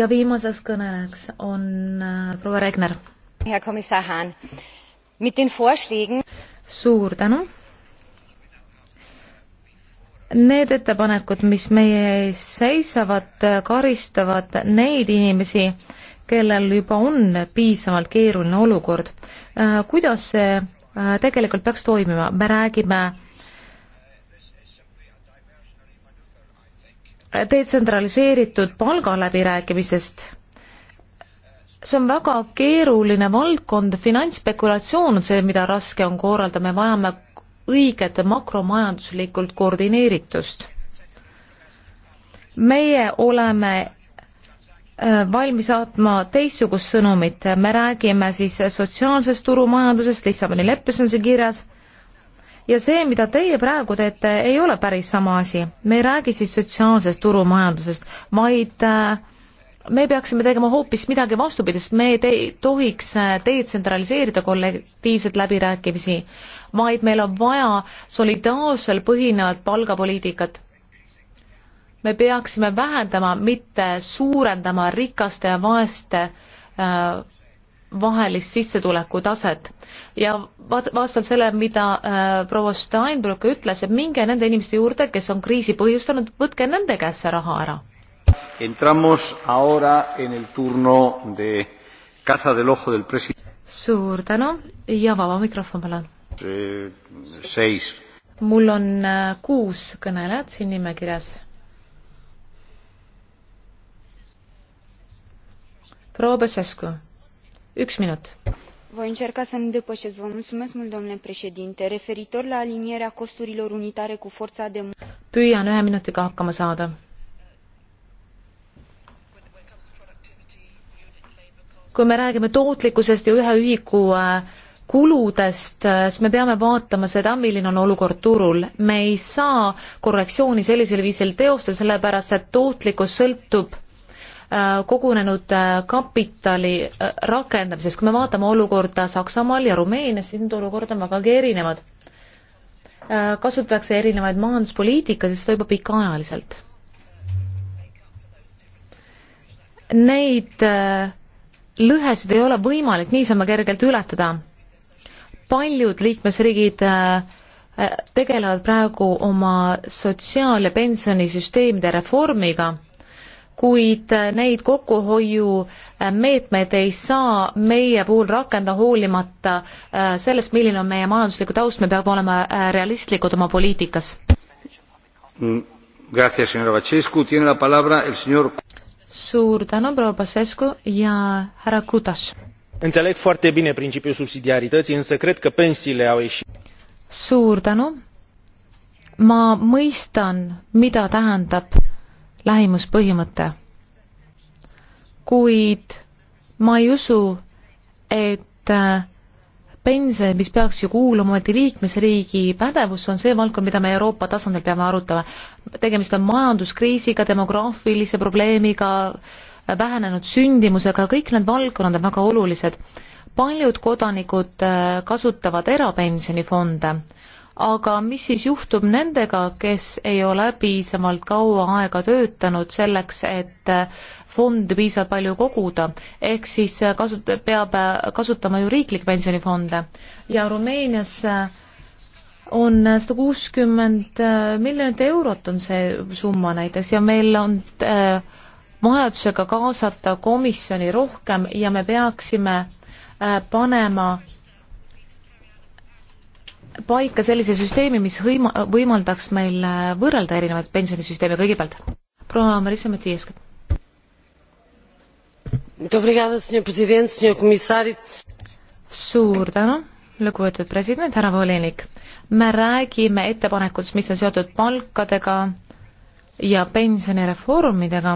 ja viimaseks kõnelejaks on proua Regner hea komissar Hahn, mit den Vorschlägen suur tänu. Need ettepanekud, mis meie ees seisavad, karistavad neid inimesi, kellel juba on piisavalt keeruline olukord. Äh, kuidas see äh, tegelikult peaks toimima, me räägime detsentraliseeritud palgaläbirääkimisest see on väga keeruline valdkond, finantsspekulatsioon on see, mida raske on korraldada, me vajame õiget makromajanduslikult koordineeritust. meie oleme äh, valmis saatma teistsugust sõnumit, me räägime siis sotsiaalsest turumajandusest, Lissaboni leppes on see kirjas, ja see, mida teie praegu teete, ei ole päris sama asi. me ei räägi siis sotsiaalsest turumajandusest, vaid äh, me peaksime tegema hoopis midagi vastupidist, me ei te tohiks äh, detsentraliseerida kollektiivseid läbirääkimisi, vaid meil on vaja solidaarsel põhinevat palgapoliitikat. me peaksime vähendama, mitte suurendama rikaste ja vaeste äh, vahelist sissetulekutaset ja vaat-, vastavalt sellele, mida äh, proua Steinbrück ütles, et minge nende inimeste juurde, kes on kriisi põhjustanud, võtke nende käest see raha ära Entramos ahora en el turno de caza del ojo del presidente. suur tänu ja vaba mikrofon, palun. Eh, seis. mul on äh, kuus kõnelejat siin nimekirjas. proua Pesescu, üks minut voi încerca să nu depăesc vă mulțumesc mult domnule președinte referitor la alinierea costurilor unitare cu forța de muncă püüan ühe minutiga hakkama saada kui me räägime tootlikkusest ja ühe ühiku äh, kuludest, äh, siis me peame vaatama seda, milline on olukord turul. me ei saa korrektsiooni sellisel viisil teostada, sellepärast et tootlikkus sõltub äh, kogunenud kapitali rakendamisest. kui me vaatame olukorda Saksamaal ja Rumeenias, siis need olukorrad on vägagi erinevad. kasutatakse erinevaid majanduspoliitikaid ja seda juba pikaajaliselt. Neid lõhesid ei ole võimalik niisama kergelt ületada. paljud liikmesriigid äh, äh, tegelevad praegu oma sotsiaal- ja pensionisüsteemide reformiga, kuid äh, neid kokkuhoiumeetmeid ei saa meie puhul rakenda hoolimata sellest, milline on meie majanduslikku taust, me peame olema realistlikud oma poliitikas mm.. Gracias, señora Bachescu. Tiene la palabra el señor suur tänu, proua Pasescu ja härra Kutas. înțeleg foarte bine principiul subsidiarității, însă cred că pensiile au ieșit. suur tänu. ma mõistan, mida tähendab lähimuspõhimõte. kuid ma ei usu, et äh, pensione, mis peaks ju kuuluma ometi liikmesriigi pädevusse, on see valdkond, mida me Euroopa tasandil peame arutama. tegemist on majanduskriisiga, demograafilise probleemiga, vähenenud sündimusega, kõik need valdkonnad on väga olulised. paljud kodanikud äh, kasutavad erapensionifonde aga mis siis juhtub nendega, kes ei ole piisavalt kaua aega töötanud selleks, et äh, fondi piisavalt palju koguda, ehk siis äh, kasut-, peab äh, kasutama ju riiklikke pensionifonde ja Rumeenias on sada kuuskümmend miljonit eurot on see summa näiteks ja meil on vajadusega kaasata komisjoni rohkem ja me peaksime panema äh, paika sellise süsteemi, mis hõima-, võimaldaks meil äh, võrrelda erinevaid pensionisüsteeme kõigepealt. proua Marissa Matiesk. suur tänu, lugupeetud president, härra volinik. me räägime ettepanekutest, mis on seotud palkadega ja pensionireformidega,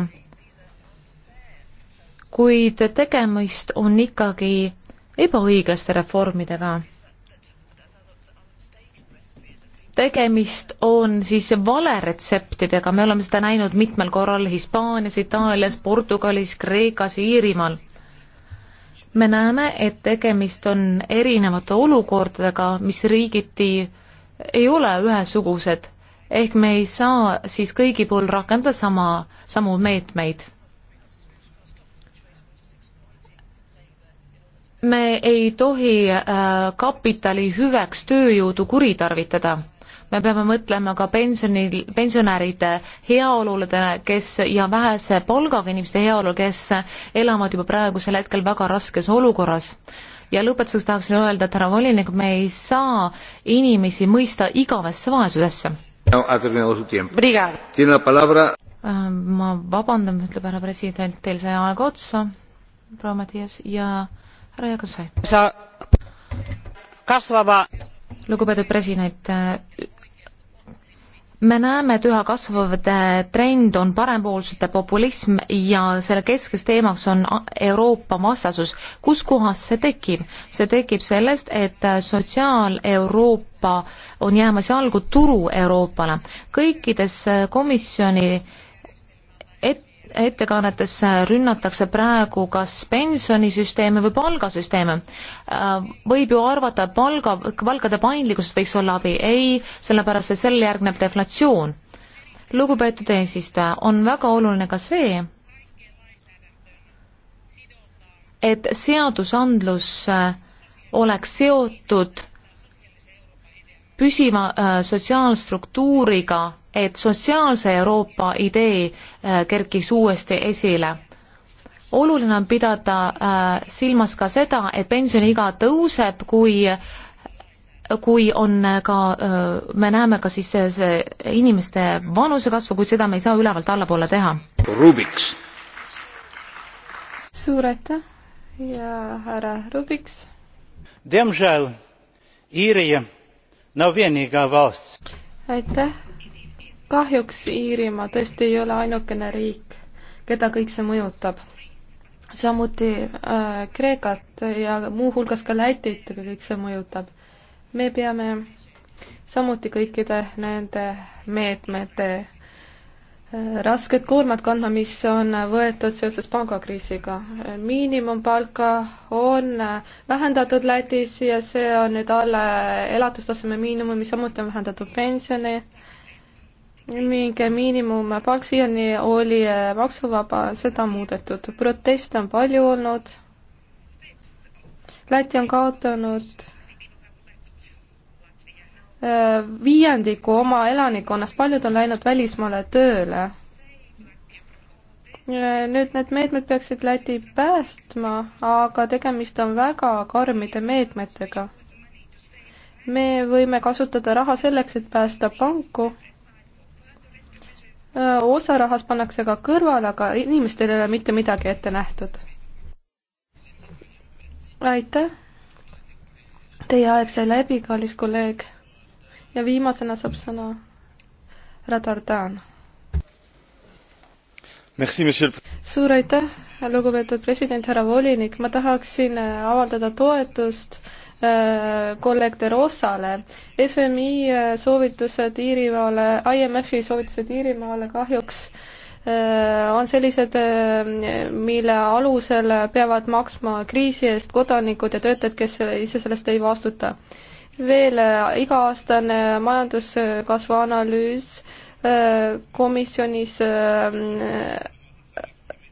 kuid tegemist on ikkagi ebaõiglaste reformidega tegemist on siis valeretseptidega, me oleme seda näinud mitmel korral Hispaanias, Itaalias, Portugalis, Kreekas, Iirimaal. me näeme, et tegemist on erinevate olukordadega, mis riigiti ei ole ühesugused, ehk me ei saa siis kõigi puhul rakendada sama, samu meetmeid. me ei tohi äh, kapitali hüveks tööjõudu kuritarvitada me peame mõtlema ka pensionil, pensionäride heaolule, kes ja vähese palgaga inimeste heaolul, kes elavad juba praegusel hetkel väga raskes olukorras ja lõpetuseks tahaksin öelda, et härra volinik, me ei saa inimesi mõista igavesse vaesusesse no,. Äh, ma vabandan, ütleb härra president, teil sai aeg otsa, proua Mattias ja härra Jakobsai. kasvava lugupeetud president, äh, me näeme, et üha kasvav trend on parempoolsete populism ja selle keskes teemaks on Euroopa vastasus. kuskohast see tekib? see tekib sellest, et Sotsiaal-Euroopa on jäämas jalgu Turu-Euroopale. kõikides komisjoni ettekannetes rünnatakse praegu kas pensionisüsteeme või palgasüsteeme. Äh, võib ju arvata, et palga, palkade paindlikkusest võiks olla abi, ei, sellepärast et sellele järgneb deflatsioon. lugupeetud eesistuja, on väga oluline ka see, et seadusandlus äh, oleks seotud püsiva äh, sotsiaalstruktuuriga et sotsiaalse Euroopa idee äh, kerkis uuesti esile. oluline on pidada äh, silmas ka seda, et pensioniiga tõuseb, kui kui on ka, äh, me näeme ka siis see, see inimeste vanuse kasvu, kuid seda me ei saa ülevalt allapoole teha. Rubiks. suur aitäh ja härra Rubiks. Diemžēl Iirija nav vienīgā valsts. aitäh kahjuks Iirimaa tõesti ei ole ainukene riik, keda kõik see mõjutab. samuti äh, Kreekat ja muuhulgas ka Lätit kõik see mõjutab. me peame samuti kõikide nende meetmete äh, rasked koormad kandma, mis on võetud seoses pangakriisiga. miinimumpalka on äh, vähendatud Lätis ja see on nüüd alla elatustaseme miinimumi, samuti on vähendatud pensione äh, ning miinimumpalk siiani oli äh, maksuvaba, seda muudetud. proteste on palju olnud. Läti on kaotanud äh, viiendiku oma elanikkonnast, paljud on läinud välismaale tööle. Äh, nüüd need meetmed peaksid Läti päästma, aga tegemist on väga karmide meetmetega. me võime kasutada raha selleks, et päästa panku osa rahast pannakse ka kõrvale, aga inimestel ei ole mitte midagi ette nähtud. aitäh. Teie aeg sai läbi, kallis kolleeg. ja viimasena saab sõna Radardan. suur aitäh, lugupeetud president, härra volinik, ma tahaksin avaldada toetust äh, Äh, kolleeg De Rosale. FMI äh, soovitused Iirimaale, IMF-i soovitused Iirimaale kahjuks äh, on sellised, mille alusel peavad maksma kriisi eest kodanikud ja töötajad, kes ise sellest ei vastuta. veel iga-aastane majanduskasvu analüüs komisjonis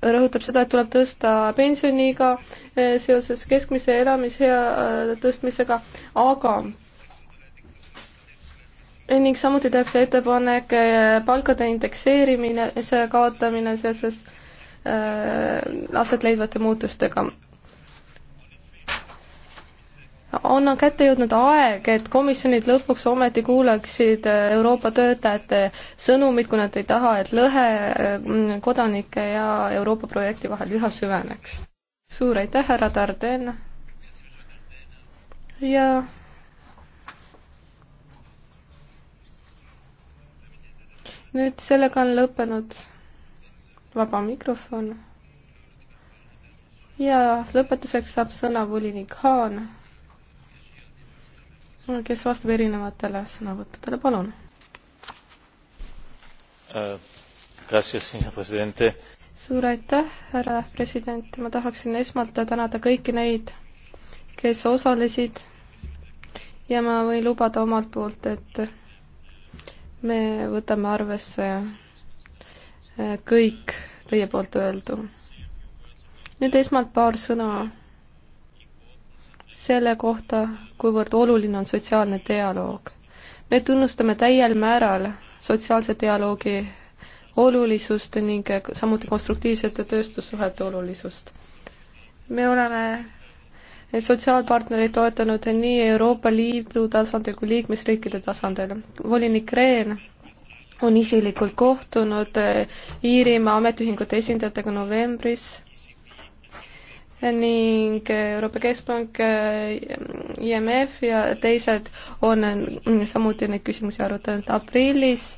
rõhutab seda, et tuleb tõsta pensioniiga eh, seoses keskmise elamisea eh, tõstmisega, aga eh, ning samuti tehakse ettepanek palkade indekseerimine, see kaotamine seoses aset leidvate muutustega on kätte jõudnud aeg, et komisjonid lõpuks ometi kuulaksid äh, Euroopa töötajate sõnumit, kui nad ei taha, et lõhe äh, kodanike ja Euroopa projekti vahel üha süveneks. suur aitäh, härra Tarden! ja nüüd sellega on lõppenud vaba mikrofon ja lõpetuseks saab sõna volinik Haan kes vastab erinevatele sõnavõttudele, palun uh,. suur aitäh, härra president, ma tahaksin esmalt tänada kõiki neid, kes osalesid ja ma võin lubada omalt poolt, et me võtame arvesse eh, kõik teie poolt öeldu. nüüd esmalt paar sõna selle kohta, kuivõrd oluline on sotsiaalne dialoog. me tunnustame täiel määral sotsiaalse dialoogi olulisust ning samuti konstruktiivsete tööstussuhete olulisust. me oleme sotsiaalpartnereid toetanud nii Euroopa Liidu tasandil kui liikmesriikide tasandil. volinik Rehn on isiklikult kohtunud Iirimaa ametiühingute esindajatega novembris ning Euroopa Keskpank, IMF ja teised on samuti neid küsimusi arutanud. aprillis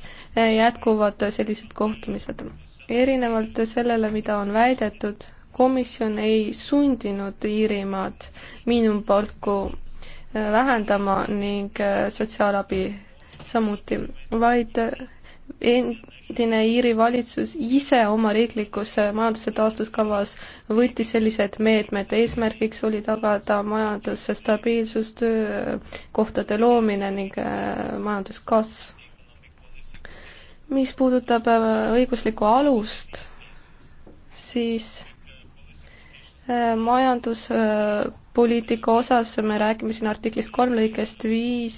jätkuvad sellised kohtumised. erinevalt sellele, mida on väidetud, komisjon ei sundinud Iirimaad miinimumpalku vähendama ning sotsiaalabi samuti, vaid endine Iiri valitsus ise oma riiklikus äh, majanduse taastuskavas võttis sellised meetmed, eesmärgiks oli tagada majanduse stabiilsus, töökohtade loomine ning äh, majanduskasv. mis puudutab äh, õiguslikku alust, siis majanduspoliitika osas me räägime siin artiklist kolm lõikest viis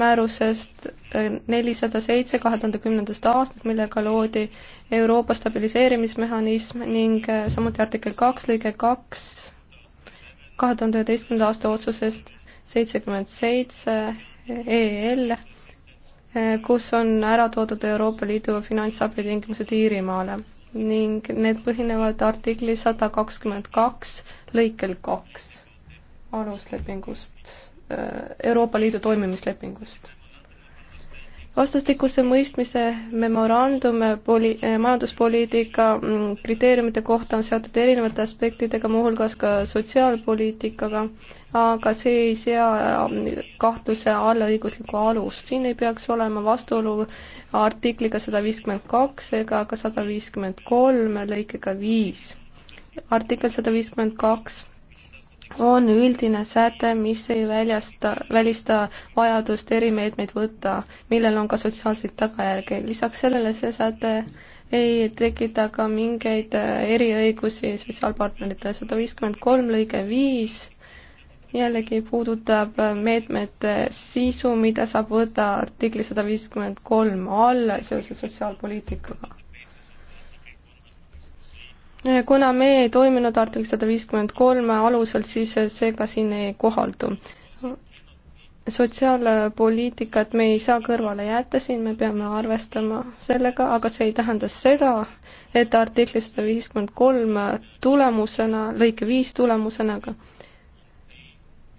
määrusest äh, nelisada seitse kahe tuhande kümnendast aastast, millega loodi Euroopa stabiliseerimismehhanism ning äh, samuti artikkel kaks lõige kaks kahe tuhande üheteistkümnenda aasta otsusest seitsekümmend seitse EL, e äh, kus on ära toodud Euroopa Liidu finantsabi tingimused Iirimaale ning need põhinevad artikli sada kakskümmend kaks lõikel kaks aluslepingust Äh, Euroopa Liidu toimimislepingust. vastastikuse mõistmise memorandum äh, poli-, äh, majanduspoliitika mm, kriteeriumite kohta on seotud erinevate aspektidega, muuhulgas ka sotsiaalpoliitikaga, aga see ei sea kahtluse alla õiguslikku alust. siin ei peaks olema vastuolu artikliga sada viiskümmend kaks ega ka sada viiskümmend kolm lõikega viis. artikkel sada viiskümmend kaks on üldine säte, mis ei väljasta, välista vajadust erimeetmeid võtta, millel on ka sotsiaalseid tagajärgi. lisaks sellele see säte ei tekita ka mingeid eriõigusi sotsiaalpartneritele. sada viiskümmend kolm lõige viis jällegi puudutab meetmete sisu, mida saab võtta artikli sada viiskümmend kolm all seoses sotsiaalpoliitikaga Äh, kuna me ei toiminud artikkel sada viiskümmend kolme aluselt, siis äh, see ka siin ei kohaldu. sotsiaalpoliitikat me ei saa kõrvale jätta, siin me peame arvestama sellega, aga see ei tähenda seda, et artikli sada viiskümmend kolm tulemusena, lõike viis tulemusena ka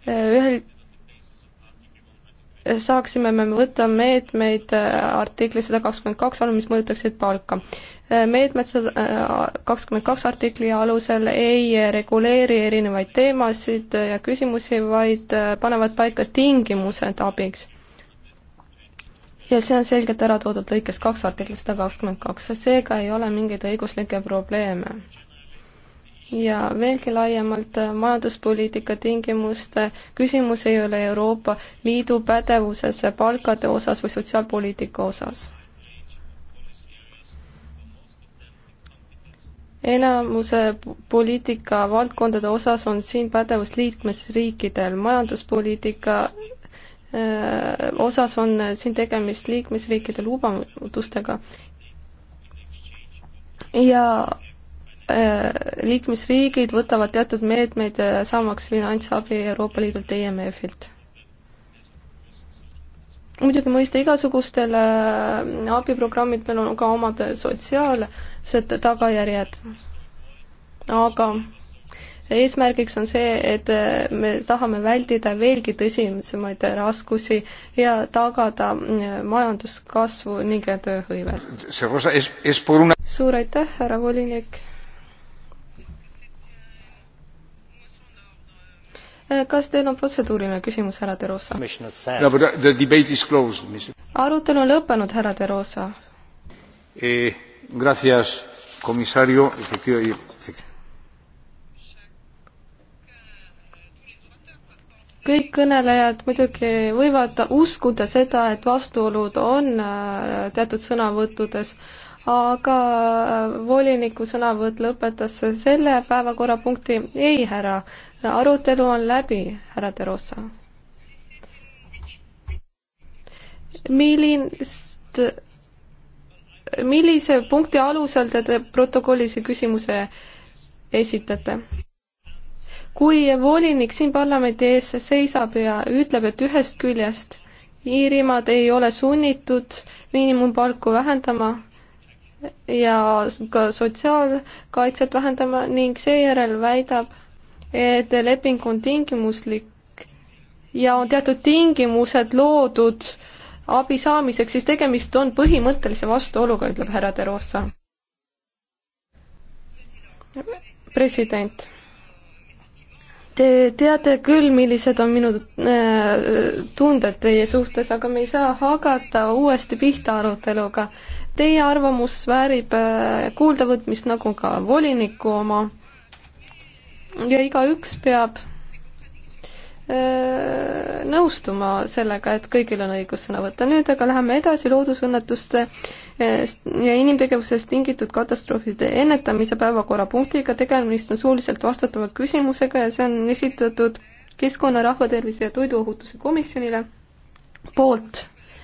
äh, ühel saaksime me võtta meetmeid artikli sada kakskümmend kaks all, mis mõjutaksid palka meetmed äh, kakskümmend kaks artikli alusel ei reguleeri erinevaid teemasid ja küsimusi, vaid äh, panevad paika tingimused abiks. ja see on selgelt ära toodud lõikes kaks artiklis sada kakskümmend kaks, seega ei ole mingeid õiguslikke probleeme. ja veelgi laiemalt, äh, majanduspoliitika tingimuste küsimus ei ole Euroopa Liidu pädevuses palkade osas või sotsiaalpoliitika osas enamuse poliitika valdkondade osas on siin pädevus liikmesriikidel, majanduspoliitika äh, osas on siin tegemist liikmesriikide lubadustega ja äh, liikmesriigid võtavad teatud meetmeid äh, saamaks finantsabi Euroopa Liidult IMF-ilt e muidugi mõista igasugustel abiprogrammidel on ka omad sotsiaal- see tagajärjed. aga eesmärgiks on see, et me tahame väldida veelgi tõsisemaid raskusi ja tagada majanduskasvu ning tööhõivet. Una... suur aitäh, härra volinik. kas teil on protseduuriline küsimus, härra De Rosa? arutelu on lõppenud, härra De Rosa eh,. Gracias, komissario. kõik kõnelejad muidugi võivad uskuda seda, et vastuolud on äh, teatud sõnavõttudes, aga äh, voliniku sõnavõtt lõpetas selle päevakorrapunkti. ei, härra, arutelu on läbi, härra Terosa. millist millise punkti alusel te protokollise küsimuse esitate? kui volinik siin parlamendi ees seisab ja ütleb, et ühest küljest Iirimaad ei ole sunnitud miinimumpalku vähendama ja ka sotsiaalkaitset vähendama ning seejärel väidab, et leping on tingimuslik ja on teatud tingimused loodud äh, abi saamiseks, siis tegemist on põhimõttelise vastuoluga, ütleb härra De Rosa. president. Te teate küll, millised on minu äh, tunded teie suhtes, aga me ei saa hakata uuesti pihta aruteluga. Teie arvamus väärib äh, kuuldavõtmist nagu ka voliniku oma. ja igaüks peab Äh, nõustuma sellega, et kõigil on õigus sõna võtta. nüüd aga läheme edasi loodusõnnetuste äh, ja inimtegevusest tingitud katastroofide ennetamise päevakorrapunktiga. tegemist on suuliselt vastatava küsimusega ja see on esitatud Keskkonna, Rahvatervise ja Toiduohutuse Komisjonile. poolt